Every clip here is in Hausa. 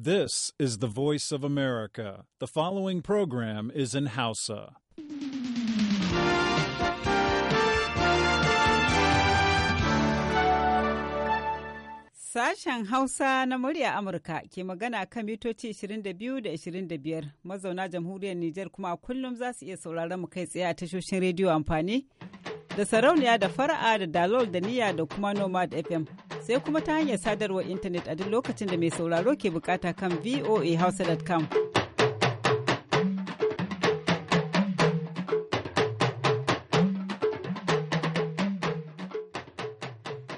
This is the voice of America. The following program is in Hausa. Sashen Hausa na murya Amurka ke magana kan mitoci 22 da 25 mazauna jamhuriyar Nijar kuma kullum za su iya sauraron mu kai tsaye a tashoshin rediyo amfani da sarauniya da fara'a da dalol da niyya da kuma nomad FM. sai kuma ta hanyar sadarwar intanet a duk lokacin da mai sauraro ke bukata kan voahausa.com.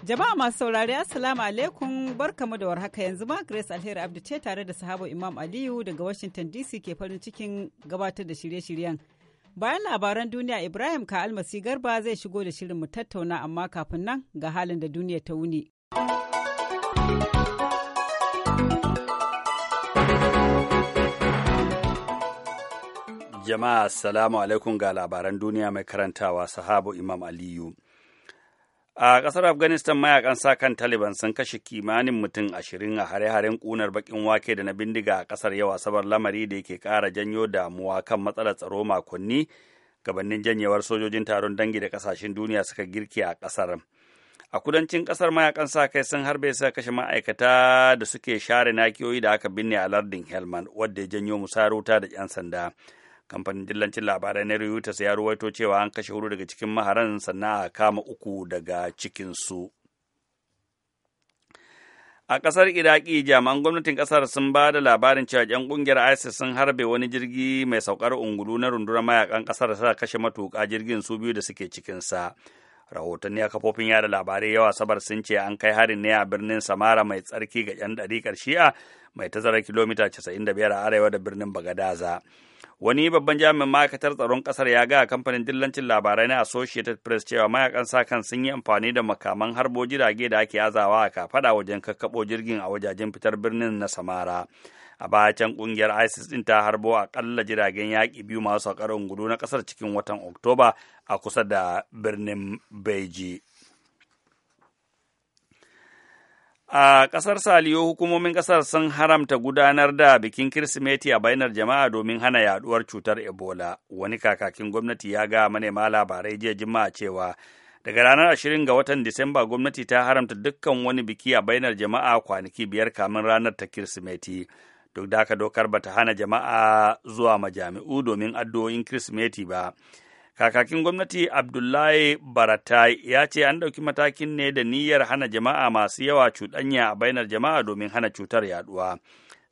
Jama'a masu saurari Assalamu alaikum barkamu da warhaka yanzu ma Grace Alheri Abdu ce tare da sahabo Imam Aliyu daga Washington DC ke farin cikin gabatar da shirye-shiryen. Bayan labaran duniya Ibrahim ka almasi garba zai shigo da shirin mu tattauna amma kafin nan ga halin da duniya ta wuni. Jama'a Assalamu alaikum ga labaran duniya mai karantawa sahabo Imam Aliyu. A ƙasar Afghanistan mayakan sa kan Taliban sun kashe kimanin mutum ashirin a hare-haren kunar baƙin wake da na bindiga a ƙasar yawa, sabar lamari da yake ƙara janyo damuwa kan matsalar tsaro makonni gabanin janyewar sojojin taron dangi da ƙasashen duniya suka girke a ƙasar. a kudancin kasar mayakan sa kai sun harbe sa kashe ma'aikata da suke share nakiyoyi da aka binne a lardin helman wadda ya janyo musaruta da 'yan sanda kamfanin dillancin labarai na reuters ya ruwaito cewa an kashe hudu daga cikin maharan sannan a kama uku daga cikinsu a ƙasar iraki jami'an gwamnatin ƙasar sun ba da labarin cewa 'yan ƙungiyar isis sun harbe wani jirgi mai saukar ungulu na rundunar mayakan kasar da suka kashe matuka jirgin su biyu da suke cikinsa rahotanni a kafofin yada labarai yawa sabar sun ce an kai harin ne a birnin samara mai tsarki ga 'yan ɗariƙar shi'a mai tazarar kilomita 95 a arewa da birnin bagadaza wani babban jami'in ma'aikatar tsaron kasar ya ga kamfanin dillancin labarai na associated press cewa mayakan sa kan sun yi amfani da makaman harbo jirage da ake azawa a kafada wajen kakkaɓo jirgin a wajajen fitar birnin na samara a baya can kungiyar isis din ta harbo a akalla jiragen yaƙi biyu masu saukar gudu na kasar cikin watan oktoba a kusa da birnin beji a ƙasar saliyo hukumomin ƙasar sun haramta gudanar da bikin kirsimeti a bainar jama'a domin hana yaduwar cutar ebola wani kakakin gwamnati ya ga manema labarai jiya jima'a cewa daga ranar 20 ga watan Disamba gwamnati ta haramta dukkan wani biki a bainar jama'a kwanaki biyar kamin ranar ta Kirsimeti. duk da haka dokar bata hana jama'a zuwa majami'u domin addu'o'in kirsimeti ba kakakin gwamnati abdullahi baratai ya ce an ɗauki matakin ne da niyyar hana jama'a masu yawa cuɗanya a bainar jama'a domin hana cutar yaduwa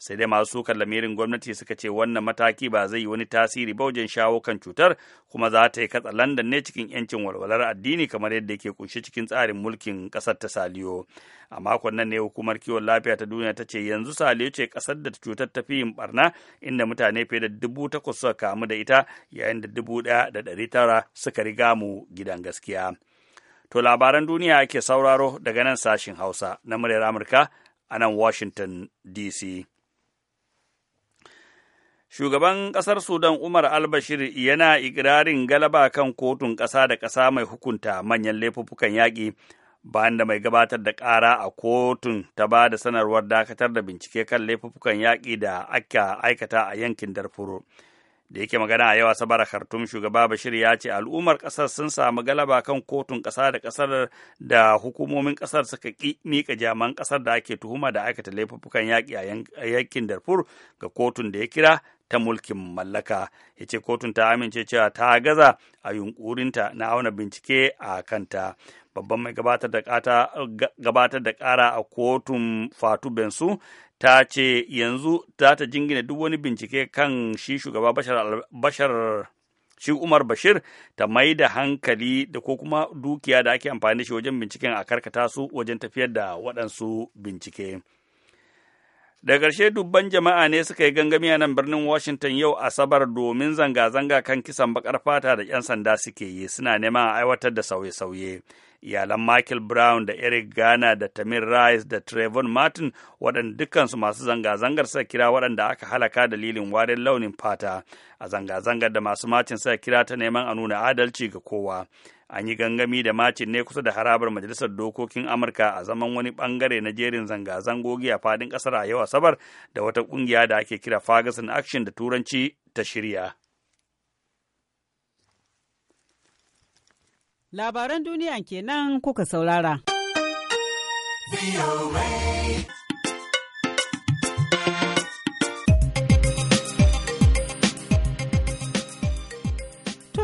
sai dai masu sukar lamirin gwamnati suka ce wannan mataki ba zai yi wani tasiri ba wajen shawo kan cutar kuma za ta yi katsa landan ne cikin yancin walwalar addini kamar yadda yake kunshi cikin tsarin mulkin kasar ta saliyo a makon nan ne hukumar kiwon lafiya ta duniya ta ce yanzu saliyo ce kasar da cutar ta fi yin barna inda mutane fiye da dubu takwas suka kamu da ita yayin da dubu ɗaya da ɗari tara suka riga mu gidan gaskiya. To labaran duniya ake sauraro daga nan sashin Hausa na muryar Amurka a nan Washington DC. Shugaban ƙasar Sudan Umar al Albashir yana ikirarin galaba kan kotun ƙasa da ƙasa mai hukunta manyan laifuffukan yaƙi bayan da mai gabatar da ƙara a kotun ta ba da sanarwar dakatar da bincike kan laifuffukan yaƙi da aka aikata a yankin Darfur. Da yake magana a yawa sabara Khartoum shugaba Bashir ya ce al'ummar ƙasar sun samu galaba kan kotun ƙasa da ƙasar da hukumomin ƙasar suka ƙi miƙa jaman ƙasar da ake tuhuma da aikata laifuffukan yaƙi a yankin Darfur ga kotun da ya kira ta mulkin mallaka ya ce kotun ta amince cewa ta gaza a yunkurinta na auna bincike a kanta babban mai gabatar da kara a kotun fatu bensu ta ce yanzu za ta jingina duk wani bincike kan shi shugaba bashar shi Umar Bashir ta mai da hankali da ko kuma dukiya da ake amfani da shi wajen binciken a karkata su wajen tafiyar da waɗansu bincike. Da ƙarshe dubban jama'a ne suka yi gangami a nan birnin Washington yau Asabar domin zanga-zanga kan kisan bakar fata da 'yan sanda suke yi suna neman a aiwatar da sauye-sauye. Iyalan Michael Brown da Eric Garner da Tamir Rice da Trayvon Martin waɗanda dukkansu masu zanga-zangar suka kira waɗanda aka halaka dalilin warin launin fata a zanga-zangar da masu macin suka kira ta neman a nuna adalci ga kowa. an yi gangami da macin ne kusa da harabar majalisar dokokin amurka a zaman wani bangare na jerin zanga-zangogi a fadin kasar a yau asabar da wata kungiya da ake kira ferguson action da turanci ta shirya labaran duniya kenan kuka saurara.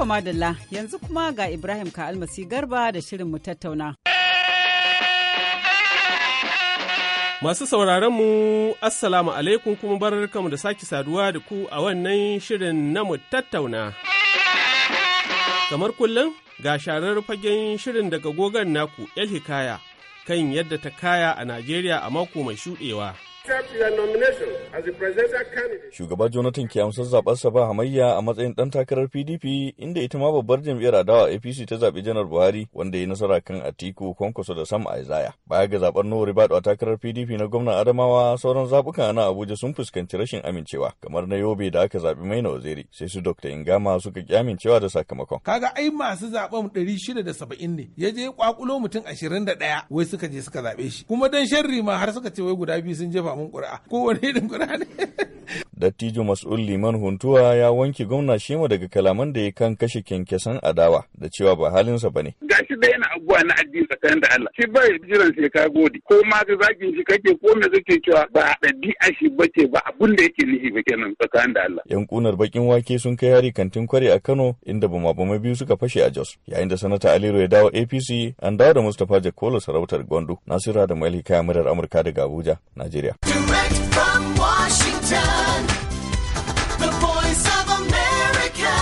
To madalla yanzu kuma ga Ibrahim ka almasi garba da shirin mu tattauna. Masu sauraron mu Assalamu alaikum kuma barkamu da sake saduwa da ku a wannan shirin na mu tattauna. Kamar kullum ga sharar fagen shirin daga gogon naku El Hikaya kan yadda ta kaya a Najeriya a mako mai shuɗewa. Shugaba Jonathan ke amsar zaɓarsa ba hamayya a matsayin ɗan takarar PDP inda ita ma babbar jam'iyyar adawa APC ta zaɓi Janar Buhari wanda ya nasara kan Atiku Kwankwaso da Sam Aizaya. Baya ga zaɓar Nuhu Ribadu a takarar PDP na gwamnan Adamawa sauran zaɓuka na Abuja sun fuskanci rashin amincewa kamar na Yobe da aka zaɓi Maina Waziri sai su Dr. Ingama suka ƙi amincewa da sakamakon. Kaga ai masu zaɓen ɗari shida da saba'in ne ya je ƙwaƙulo mutum ashirin da ɗaya wai suka je suka zaɓe shi kuma dan sharri ma har suka ce wai guda biyu sun jefa mun ƙuri'a ko wani irin ƙuri'a ne dattijo mas'ul liman huntuwa ya wanke gwamna shima daga kalaman da ya kan kashe kyankyasan adawa da cewa ba halinsa ba ne gashi da yana abuwa na addini tsakanin da Allah shi bai jiran sai ka gode ko ma ka zagin shi kake ko me kake cewa ba a shi bace ba abun da yake nihi ba kenan tsakanin da Allah yan kunar bakin wake sun kai hari kantin kware a Kano inda bama bama biyu suka fashe a Jos yayin da sanata Aliru ya dawo APC an dawo da Mustapha Jakolo sarautar Gondo Nasira da Malika Murar Amurka daga Abuja Najeriya Direct from Washington, the voice of America,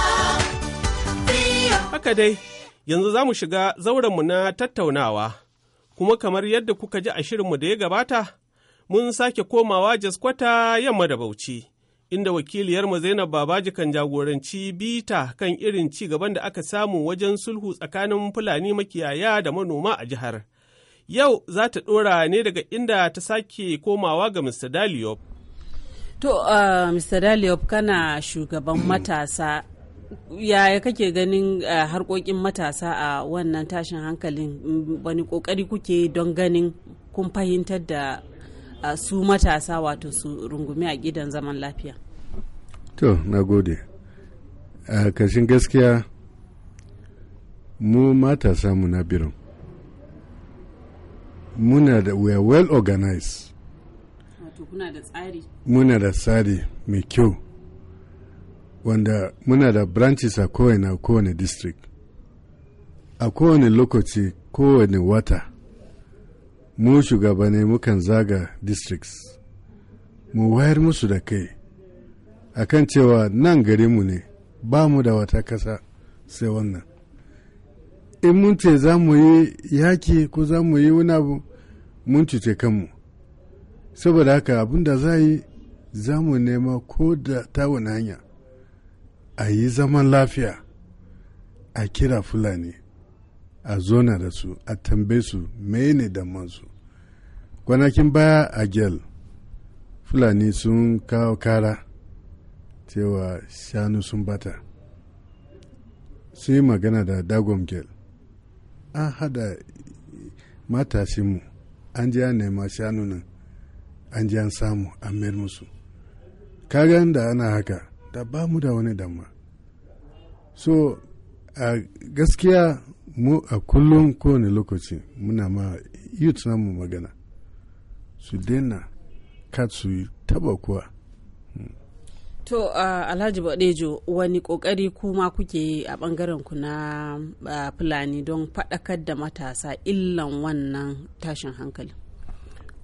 Haka dai, yanzu za mu shiga zaurenmu na tattaunawa, kuma kamar yadda kuka ji a shirinmu da ya gabata, mun sake komawa jaskwata yamma da bauchi. inda wakiliyarmu Zainab Babaji kan jagoranci bita kan irin ci gaban da aka samu wajen sulhu tsakanin Fulani makiyaya da manoma a jihar. Yau za ta ɗora ne daga inda ta sake komawa ga Mr. Daliop. To, uh, Mr. Daliop kana shugaban hmm. matasa. Yaya kake ganin uh, harkokin matasa a uh, wannan tashin hankalin wani kokari kuke don ganin kun fahimtar da uh, su matasa wato su rungumi a gidan zaman lafiya? To, na gode. A uh, kashin gaskiya mu matasa mu na birin. muna da we are well organized muna da tsari mai kyau wanda muna da branches a kowane a kowane district a kowane lokaci kowane wata mu shugabane mukan zaga districts mu wayar musu da kai akan cewa nan garinmu ne ba mu da wata kasa sai wannan in mun ce za mu yi yaki ko za mu yi wani abu mun cuce kanmu saboda haka abin da za yi za mu nema ko da ta wani hanya a yi zaman lafiya a kira fulani a zona da su a tambe su mene su kwanakin baya a gel fulani sun kawo kara cewa shanu sun bata sun yi magana da dagom gel an hada matashinmu an ji an nema shanu nan an ji an samu an mayar musu kaga da ana haka da ba mu da wani damma so a gaskiya mu a kullum kowane lokaci muna ma youth namu magana su daina kat su taba kuwa To uh, Alhaji Badejo wani ƙoƙari kuma kuke a bangaren ku na Fulani don faɗakar da matasa illan wannan tashin hankali.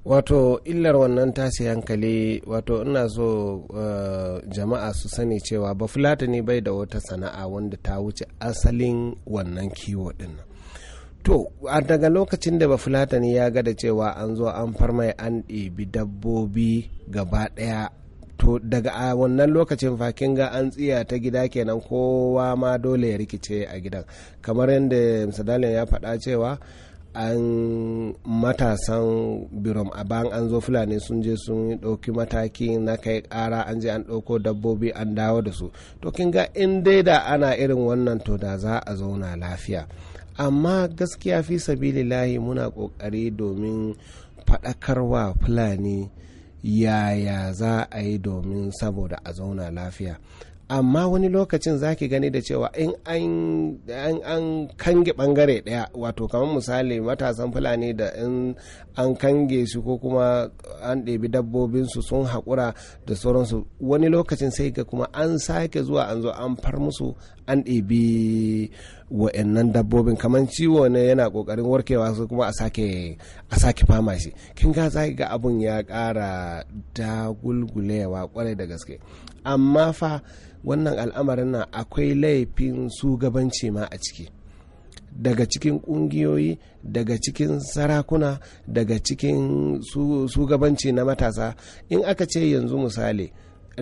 Wato illar wannan tashin hankali wato ina so uh, jama'a su sani cewa ba Fulatani bai da wata sana'a wanda ta wuce asalin wannan kiwo ɗin to a daga lokacin da bafulatani ya ga da cewa an zo an farmai an ɗebi dabbobi gaba ɗaya to daga a wannan lokacin fakin ga an tsiya ta gida kenan kowa ma dole ya rikice a gidan kamar yadda misalin ya faɗa cewa an matasan birom a bayan an zo fulani sun je sun ɗauki mataki na kai ƙara an je an ɗauko dabbobi an dawo da su to kin ga in dai da ana irin wannan to da za a zauna lafiya amma gaskiya fi sabili lahi muna ƙoƙari domin faɗakarwa fulani yaya za a yi domin saboda a zauna lafiya amma wani lokacin za ki gani da cewa in an kange bangare daya wato kamar misali matasan fulani da in an kange su ko kuma an ɗebi dabbobinsu sun haƙura da sauransu wani lokacin sai ga kuma an sake zuwa an zo an far musu an ɗebi wa'annan dabbobin kamar ciwo ne yana ƙoƙarin warkewa su kuma a sake fama shi kin ga zaki ga abun ya ƙara dagulgulewa kwarai da gaske amma fa wannan al'amarin nan akwai laifin shugabanci ma a ciki daga cikin kungiyoyi daga cikin sarakuna daga cikin shugabanci na matasa in aka ce yanzu misali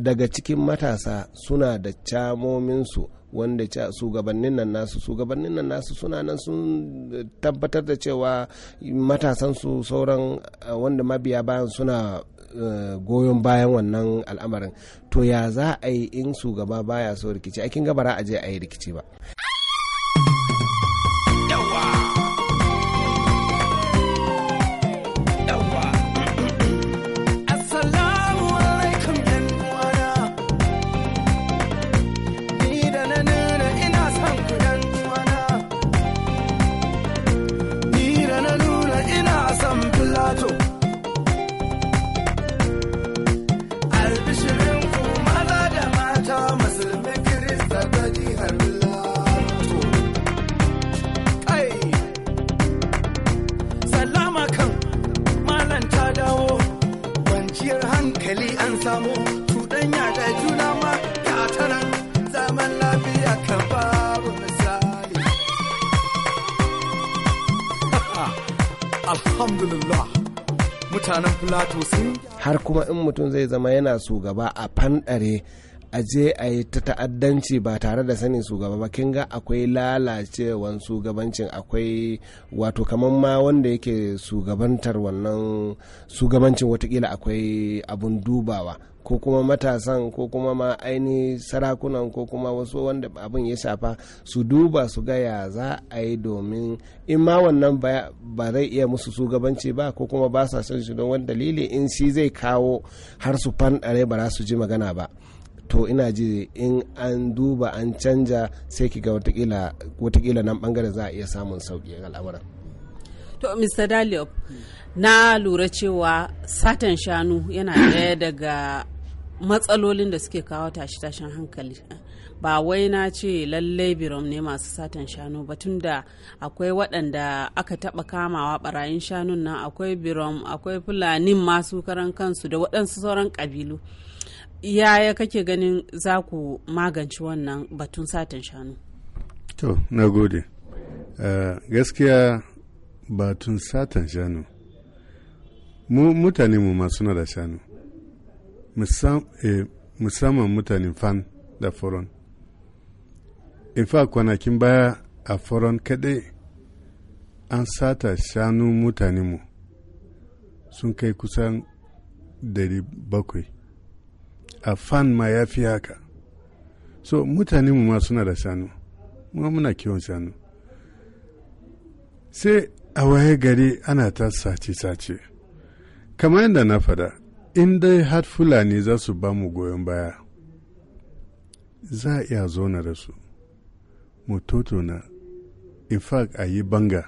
daga cikin matasa suna da camominsu wanda shugabannin nan nasu shugabannin nan nasu suna nan sun tabbatar da cewa matasansu sauran wanda mabiya bayan suna e, goyon bayan wannan al'amarin to ya za a yi in shugaba baya so rikici aikin gabara a je a yi rikici ba mutum zai zama yana su gaba a fanɗare a je a yi ta ta'addanci ba tare da sanin shugaba ba kin ga akwai lalacewan shugabancin akwai wato kamar ma wanda yake shugabantar wannan shugabancin watakila akwai abun dubawa ko kuma matasan ko kuma ma aini sarakunan ko kuma wasu wanda abin ya shafa su duba su gaya za a yi domin in ma wannan ba zai iya musu shugabanci ba ko kuma ba sa shi don wani dalili in shi zai kawo har su fanɗare ba za su ji magana ba to ina ji in an duba an canja sai ki ga watakila nan bangare za a iya samun sauki a al'amuran to mr daliop na lura cewa satan shanu yana ɗaya daga matsalolin da suke kawo tashi-tashin hankali ba wai na ce lallai birom ne masu satan shanu ba tunda akwai waɗanda aka taɓa kamawa ɓarayin shanun nan akwai birom akwai fulanin masu karan kansu da waɗansu sauran ƙabilu yaya kake ganin za ku magance wannan batun satin shanu to na gode uh, gaskiya batun satan shanu mu mutane mu masu na da shanu eh, musamman mutanen fan da foron in fa kwanakin baya a foron kaɗai an sata shanu mutanenmu sun kai kusan 700 a fan ma ya fi haka so mutane mu ma suna da shanu ma muna kiwon shanu sai a waye gari ana ta sace-sace kamar yadda na fada in dai har fulani za su ba mu goyon baya za a iya zona da su mu totona in fact a yi banga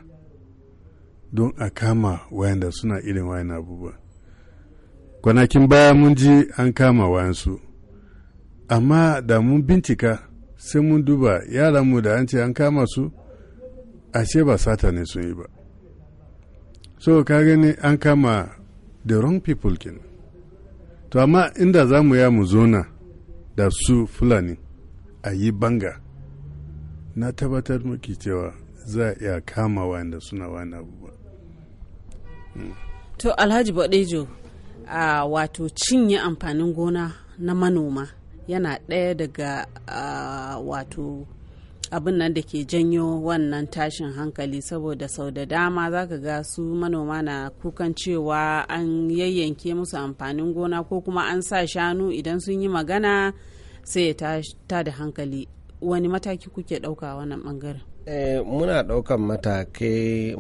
don a kama wayanda suna irin wayan abubuwa kwanakin baya mun ji an kama wayansu amma da mun bincika sai mun duba yaranmu da an ce an kama su ashe ba sata ne sun yi ba so ka gani an kama the wrong people kin to amma inda za mu ya mu zona da su fulani a yi banga na tabbatar muke cewa za a iya kama wanda suna wani abu ba. Hmm. To Alhaji Badejo a wato cinye amfanin gona na manoma yana ɗaya daga wato abin nan da ke janyo wannan tashin hankali saboda sau da dama za ka ga su manoma na kukan cewa an yayyanke musu amfanin gona ko kuma an sa shanu idan sun yi magana sai ya ta da hankali wani mataki kuke ɗauka wannan ɓangaren eh, muna ɗaukan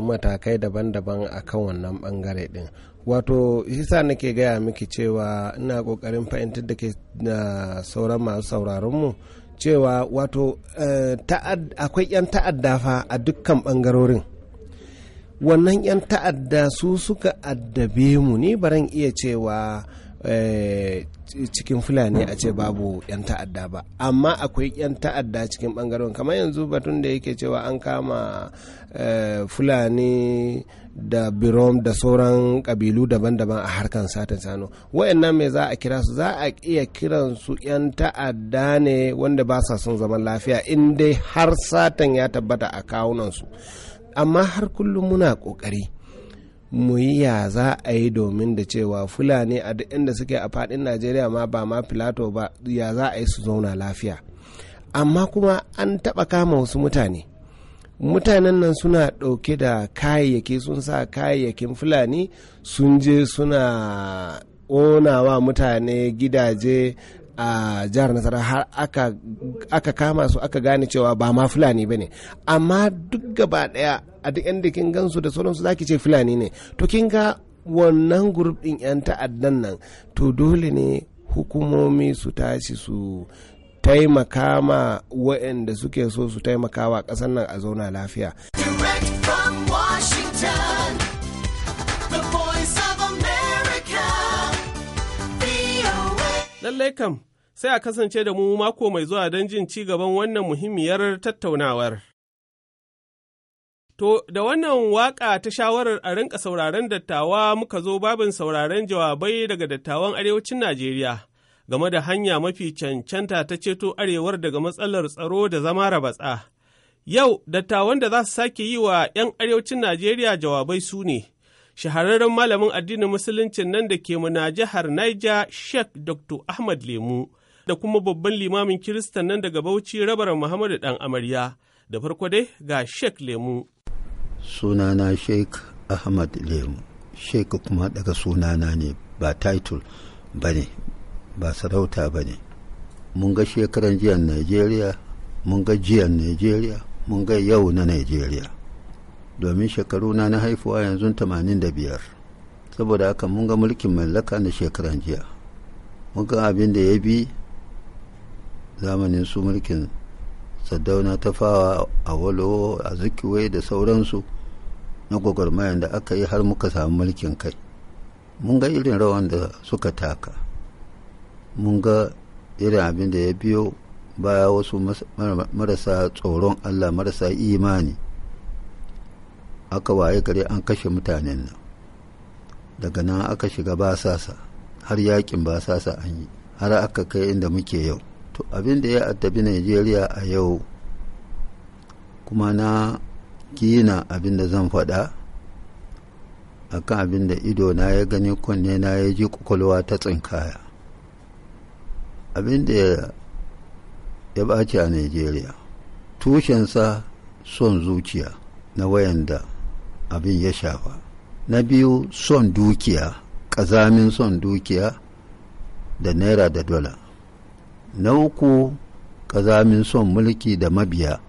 matakai daban-daban a kan wannan ɓangare ɗin wato hisa nake gaya miki cewa ina kokarin fahimtar da ke da sauran masu sauraronmu cewa wato eh, akwai 'yan ta'adda fa a dukkan bangarorin wannan 'yan ta'adda su suka addabe mu ni baran iya cewa Eh, cikin fulani a ce babu 'yan ta'adda ba amma akwai 'yan ta'adda cikin bangaren kamar yanzu batun da yake cewa an kama eh, fulani da birom da sauran kabilu daban-daban a harkan satin sano nan me za a kira su za a iya kiran su 'yan ta'adda ne wanda ba sa son zaman lafiya in dai har satan ya tabbata a kawunansu amma har kullum muna kokari mu yi ya za a yi domin da cewa fulani a duk inda suke a fadin najeriya ma ba ma filato ba ya za a yi su zauna lafiya amma kuma an taba kama wasu mutane mutanen nan suna ɗauke da kayayyaki sun sa kayayyakin fulani sun je suna onawa mutane gidaje a jihar nasara har aka, kama su aka gane cewa ba ma fulani ba ne amma duk gaba daya a duk yadda kin gansu da sauransu zaki ce fulani ne to kin ga wannan gurub din yan ta'addan nan to dole ne hukumomi su tashi su taimaka ma waɗanda suke so su taimaka wa ƙasar nan a zauna lafiya. Lallai kam sai a kasance da mu mako mai zuwa don jin ci gaban wannan muhimmiyar tattaunawar. To, da wannan waƙa ta shawarar a rinka sauraron dattawa muka zo babin sauraron jawabai daga dattawan arewacin Najeriya game da hanya mafi cancanta ta ceto arewar daga matsalar tsaro da zama rabatsa. Yau, dattawan da za su sake yi wa ‘yan arewacin Najeriya jawabai su ne, shahararren malamin addinin musuluncin nan da ke muna jihar Niger, Sheikh Dr. Ahmad Lemu. da kuma babban limamin Kiristan nan daga Bauchi rabar Muhammadu dan amarya. Da farko dai ga Sheikh Lemu. Sunana Sheikh Ahmad Lemu. Sheikh kuma daga sunana ne ba title ba ne, ba sarauta ba ne. Mun ga shekaran jiyan nigeria mun ga jiyan nigeria mun ga yau na nigeria Domin shekaruna na haifuwa yanzu 85. saboda haka mun ga mulkin mallaka na shekaran jiya mun ga abin da ya bi zamanin su mulkin saddauna ta fawa a walo a zikiwe da sauransu na gwagwarmayan da aka yi har muka samu mulkin kai mun ga irin rawan da suka taka mun ga irin abin da ya biyo baya wasu marasa tsoron allah marasa imani aka waye gare an kashe mutanen nan daga nan aka shiga basasa har yakin basasa an yi har aka kai inda muke yau to abin da ya addabi najeriya a yau kuma na gina abin da zan faɗa a kan abin da ido na ya gani kunne na ya ji kwakwalwa ta tsinkaya abin da ya ɓaci a najeriya tushensa son zuciya na wayan da abin ya shafa na biyu son dukiya ƙazamin son dukiya da naira da dola na uku ƙazamin son mulki da mabiya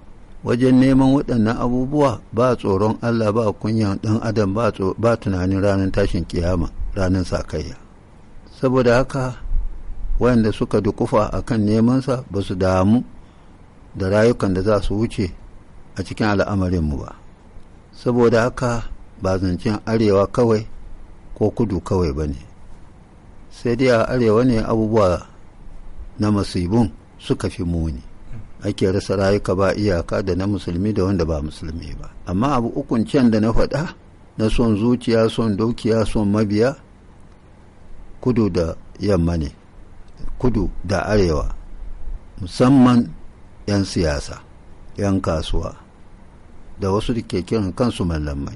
wajen neman waɗannan abubuwa ba tsoron allah ba kunyan ɗan adam ba tunanin ranar tashin kiyama ranar sakayya saboda haka wayanda suka dukufa a kan nemansa ba su damu da rayukan da za su wuce a cikin al'amarinmu ba saboda haka ba zancen arewa kawai ko kudu kawai ba ne sai dai a arewa ne abubuwa na masibun suka fi muni ake rasa rayuka ba iyaka da na musulmi da wanda ba musulmi ba amma abu ukun can da na faɗa na son zuciya son dukiya son mabiya kudu da yamma ne kudu da arewa musamman 'yan siyasa 'yan kasuwa da wasu da ke kiran kansu mallamai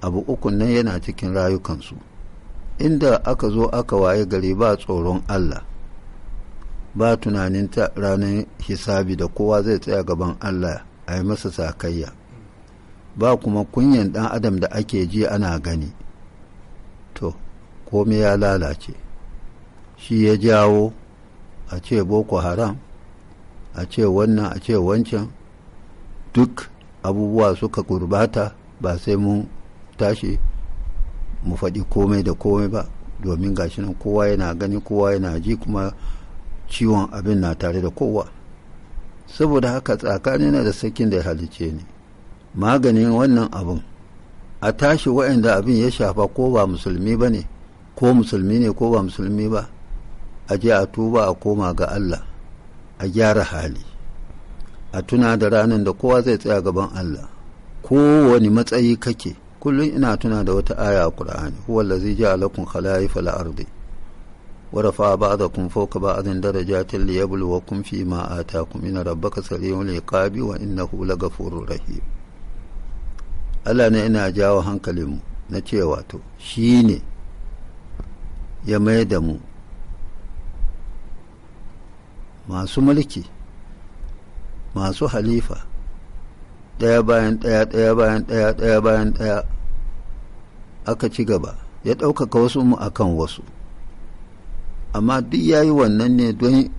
abu ukun nan yana cikin rayukansu inda aka zo aka waye gari ba tsoron allah ba tunanin ta ranar hisabi da kowa zai tsaya gaban Allah a yi masa sakayya ba kuma kunyan dan adam da ake ji ana gani to komai ya lalace shi ya jawo a ce boko haram a ce wannan a ce wancan duk abubuwa suka gurbata ba sai mun tashi mu faɗi komai da komai ba domin gashi nan kowa yana gani kowa yana ji kuma ciwon abin na tare da kowa saboda haka na da sakin da ya halice ni maganin wannan abin a tashi waɗanda abin ya shafa ko ba musulmi ba ne ko musulmi ne ko ba musulmi ba a je a tuba a koma ga Allah a gyara hali a tuna da ranar da kowa zai tsaya gaban Allah kowane matsayi kake kullum ina tuna da wata aya a Qur'ani huwa allazi ja'alakum khalaifal ardi ورفع بعضكم فوق بعض درجات ليبلوكم فيما آتاكم إن ربك سريع العقاب وإنه لغفور رحيم ألا ne جاو jawo hankalinmu na cewa to shi ne ya mai da mu masu mulki masu halifa ɗaya bayan ɗaya ɗaya bayan ɗaya ɗaya bayan ɗaya aka ci gaba ya ɗaukaka wasu mu akan wasu amma duk ya yi wannan ne don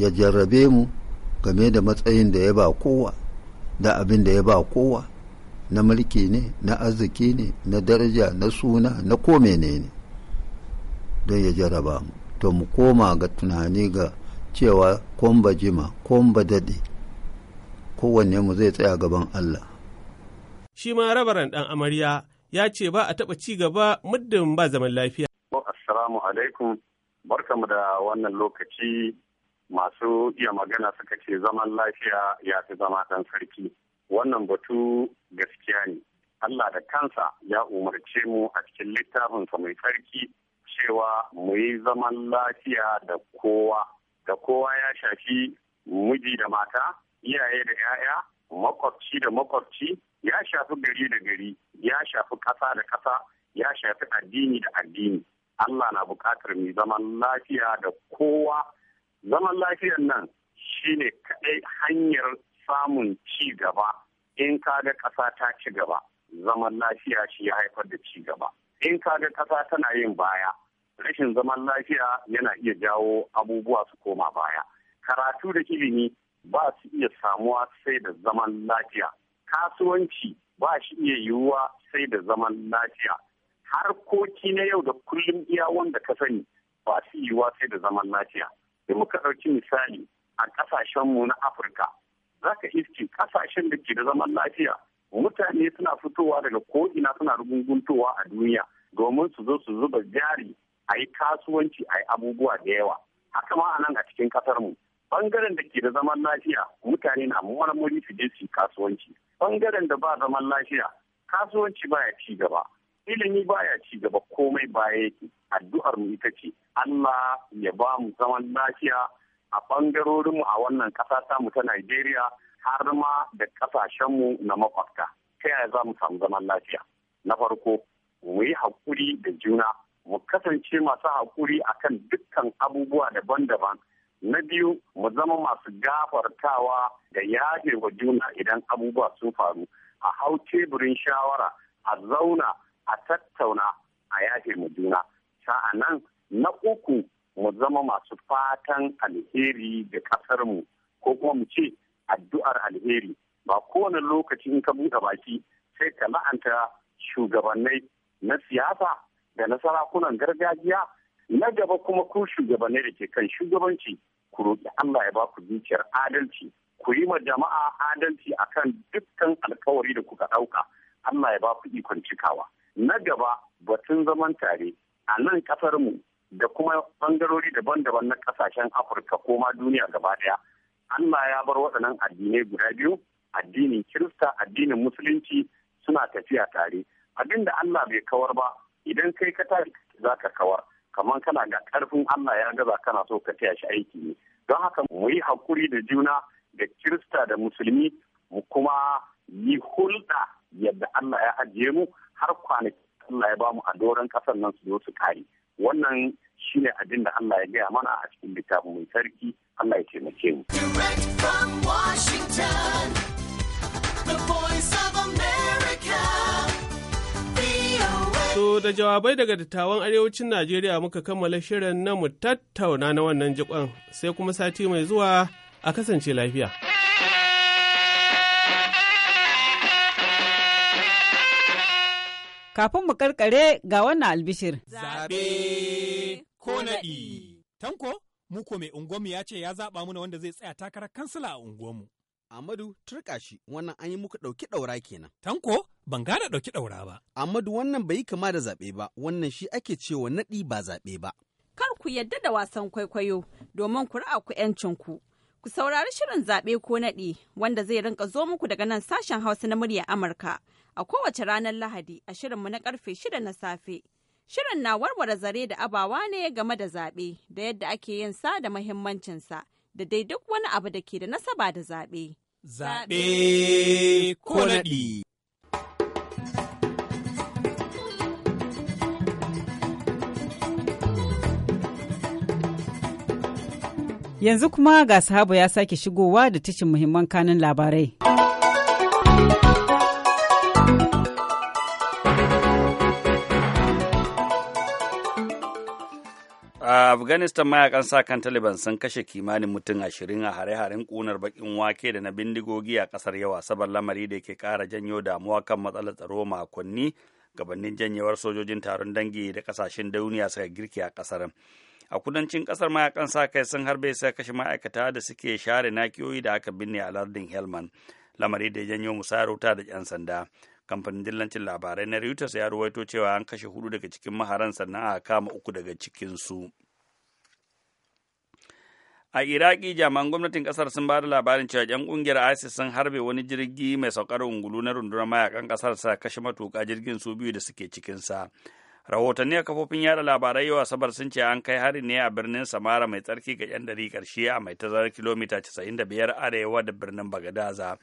ya jarrabe mu game da matsayin da ya ba kowa da abin da ya ba kowa na mulki ne na arziki ne na daraja na suna na ne ne don ya jarraba mu to mu koma ga tunani ga cewa kon ba jima kon ba kowanne mu zai tsaya gaban Allah. Shi ma rabaran ɗan amarya ya ce ba a taɓa ci gaba muddin ba zaman lafiya. Assalamu alaikum Barkamu da wannan lokaci masu iya magana suka ce zaman lafiya ya fi zama ɗan sarki. Wannan batu gaskiya ne. Allah da kansa ya umarce mu a cikin littafinsa mai sarki cewa mu yi zaman lafiya da kowa. Da kowa ya shafi miji da mata, iyaye da 'ya'ya, makwabci da makwabci, ya shafi gari da gari, ya shafi ƙasa da ƙasa, ya shafi addini da addini. Allah na bukatar mu zaman lafiya da kowa zaman lafiyar nan shine kaɗai hanyar samun ci gaba in ka ga ƙasa ta ci gaba zaman lafiya shi ya haifar da ci gaba in ka ga ƙasa tana yin baya rashin zaman lafiya yana iya jawo abubuwa su koma baya karatu da ilimi ba su iya samuwa sai da zaman lafiya kasuwanci ba shi iya yiwuwa sai da zaman lafiya harkoki na yau da kullum iya wanda ka sani ba su yi sai da zaman lafiya sai muka ɗauki misali a ƙasashenmu na afirka za ka iske ƙasashen da ke da zaman lafiya mutane suna fitowa daga ko'ina suna rugunguntowa a duniya domin su zo su zuba jari a yi kasuwanci a yi abubuwa da yawa haka ma a nan a cikin ƙasarmu bangaren da ke da zaman lafiya mutane na marmari su je su kasuwanci Ɓangaren da ba zaman lafiya kasuwanci baya ci gaba ilimi baya ci gaba komai baya yake addu'ar mu ita ce Allah ya ba mu zaman lafiya a bangarorin mu a wannan kasa ta mu ta Najeriya har ma da ƙasashen mu na makwabta ta yaya za mu samu zaman lafiya na farko mu yi hakuri da juna mu kasance masu haƙuri akan dukkan abubuwa daban-daban na biyu mu zama masu gafartawa da yaje wa juna idan abubuwa sun faru a hau teburin shawara a zauna a tattauna a yaje mu juna nan na uku mu zama masu fatan alheri ga ƙasarmu ko kuma mu ce addu'ar alheri ba kowane lokaci in ka buɗe baki sai ka la'anta shugabannai na siyasa da na sarakunan gargajiya na gaba kuma ku shugabannai da ke kan shugabanci ku roƙi Allah ya ba ku zuciyar adalci ku yi ma jama'a adalci akan dukkan alkawari da kuka ɗauka Allah ya ba ku ikon cikawa. na gaba batun zaman tare a nan ƙasarmu da kuma bangarori daban-daban na ƙasashen afirka ko ma duniya gaba ɗaya allah ya bar waɗannan addinai guda biyu addinin kirista addinin musulunci suna tafiya tare abin da allah bai kawar ba idan kai ka tari za ka kawar kamar kana ga ƙarfin allah ya gaza kana so ka taya shi aiki ne don haka mu yi haƙuri da juna da kirista da musulmi mu kuma yi hulɗa yadda Allah ya ajiye mu har kwanaki Allah ya bamu a doron ƙasar nan su zo su kare wannan shine abin da Allah ya gaya mana a cikin littafin mai sarki Allah ya taimake mu To da jawabai daga dattawan arewacin Najeriya muka kammala shirin na mu tattauna na wannan jikon sai kuma sati mai zuwa a kasance lafiya. Kafin mu karkare ga wannan albishir. Zabe ko naɗi. Tanko, mu ko mai unguwanmu ya ce ya zaɓa muna wanda zai tsaya takarar kansila a unguwanmu. Amadu turka shi wannan an yi muku ɗauki ɗaura kenan. Tanko ban gane ɗauki ɗaura ba. Amadu wannan bai yi kama da zaɓe ba wannan shi ake cewa naɗi ba zaɓe ba. Kar ku yadda da wasan kwaikwayo domin ku ra'a ku 'yancinku. Ku saurari shirin zaɓe ko naɗi wanda zai rinka zo muku daga nan sashen Hausa na murya Amurka a kowace ranar Lahadi a shirinmu na karfe shida na safe. Shirin na warware zare da abawa ne game da zaɓe da yadda ake yin sa da mahimmancinsa da dai duk wani abu da ke da nasaba da zaɓe. Zaɓe ko naɗi. Yanzu kuma ga sahabu ya sake shigowa da tashin muhimman kanun labarai. A Afghanistan mayakan sa kan Taliban sun kashe kimanin mutum ashirin a hare-haren kunar bakin wake da na bindigogi a ƙasar yawa sabon lamari da ke ƙara janyo damuwa kan matsalar tsaro makonni gabanin janyewar sojojin taron dangi da ƙasashen duniya suka girki a ƙasar. a kudancin kasar mayakan sa kai sun harbe sai kashe ma'aikata da suke share nakiyoyi da aka binne a lardin helman lamari da ya janyo musayar wuta da 'yan sanda kamfanin dillancin labarai na reuters ya ruwaito cewa an kashe hudu daga cikin maharan sannan a kama uku daga cikin su. a iraki jami'an gwamnatin kasar sun ba labarin cewa 'yan kungiyar isis sun harbe wani jirgi mai saukar ungulu na rundunar mayakan kasar sa kashe matuka jirgin su biyu da suke cikinsa rahotanni a kafofin yada labarai yau asabar sun ce an kai hari ne a birnin samara mai tsarki ga yan dari karshe a mai tazarar kilomita 95 arewa da birnin bagadaza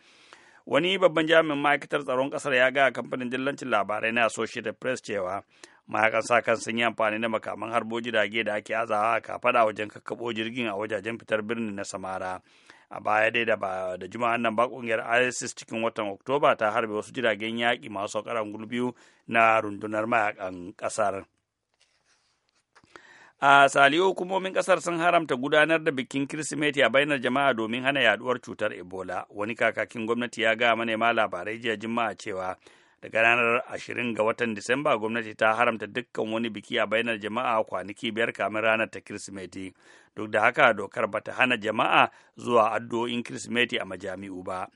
wani babban jami'in ma'aikatar tsaron kasar ya ga kamfanin dillancin labarai na associated press cewa mayakan sa kan sun yi amfani da makaman harbo jirage da ake azawa a kafada wajen kakkabo jirgin a wajajen fitar birnin na samara a baya dai da ba da juma'an nan ba kungiyar isis cikin watan oktoba ta harbe wasu jiragen yaƙi masu saukaran gulbiyu na rundunar mayakan ƙasar a saliyo hukumomin ƙasar sun haramta gudanar da bikin kirsimeti a bainar jama'a domin hana yaduwar cutar ebola wani kakakin gwamnati ya ga manema labarai jiya juma'a cewa daga ranar 20 ga watan disamba gwamnati ta haramta dukkan wani biki a bainar jama'a kwanaki biyar kamin ranar ta kirsimeti duk da haka dokar ba ta hana jama'a zuwa addu'o'in kirsimeti a majami'u ba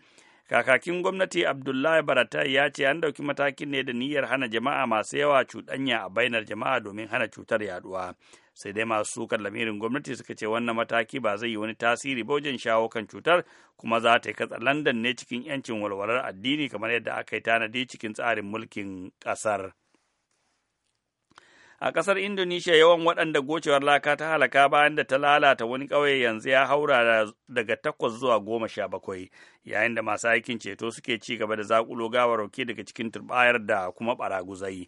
kakakin gwamnati abdullahi baratai ya ce an ɗauki matakin ne da niyyar hana jama'a masu yawa cuɗanya a bainar jama'a domin hana cutar yaduwa sai dai masu sukar lamirin gwamnati suka ce wannan mataki ba zai yi wani tasiri ba wajen shawo kan cutar kuma za ta yi katsa London ne cikin 'yancin walwalar addini kamar yadda aka yi tanadi cikin tsarin mulkin ƙasar. A kasar Indonesia yawan waɗanda gocewar laka ta halaka bayan da ta lalata wani ƙauye yanzu ya haura daga takwas zuwa goma sha bakwai, yayin da masu aikin ceto suke ci gaba da zaƙulo gawarauke daga cikin turbayar da kuma ɓaraguzai.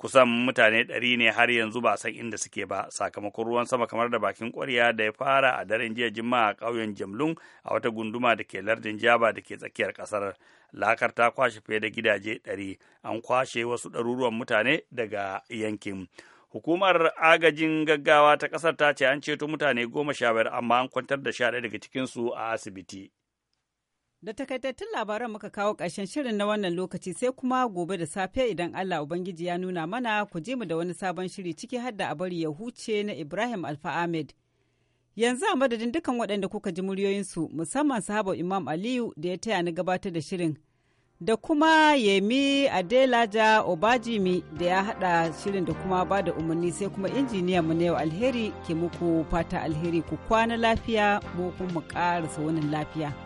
kusan mutane ɗari ne har yanzu ba san inda suke ba sakamakon ruwan sama kamar da bakin kwarya da ya fara a daren jiya juma'a a ƙauyen jamlun a wata gunduma da ke lardin jaba da ke tsakiyar ƙasar lakar ta kwashe fiye da gidaje ɗari an kwashe wasu ɗaruruwan mutane daga yankin hukumar agajin gaggawa ta ƙasar ta ce an ceto mutane goma sha biyar amma an kwantar da sha ɗaya daga cikinsu a asibiti Da takaitattun labaran muka kawo ƙarshen shirin na wannan lokaci sai kuma gobe da safe idan Allah Ubangiji ya nuna mana ku je mu da wani sabon shiri ciki har da a bari ya huce na Ibrahim Alfa Ahmed. Yanzu a madadin dukan waɗanda kuka ji muryoyinsu musamman sahabo Imam Aliyu da ya taya ni gabatar da shirin. Da kuma Yemi Adelaja Obajimi da ya haɗa shirin da kuma ba da umarni sai kuma injiniya mu na yau alheri ke muku fata alheri ku kwana lafiya mu kuma ƙarasa wani lafiya.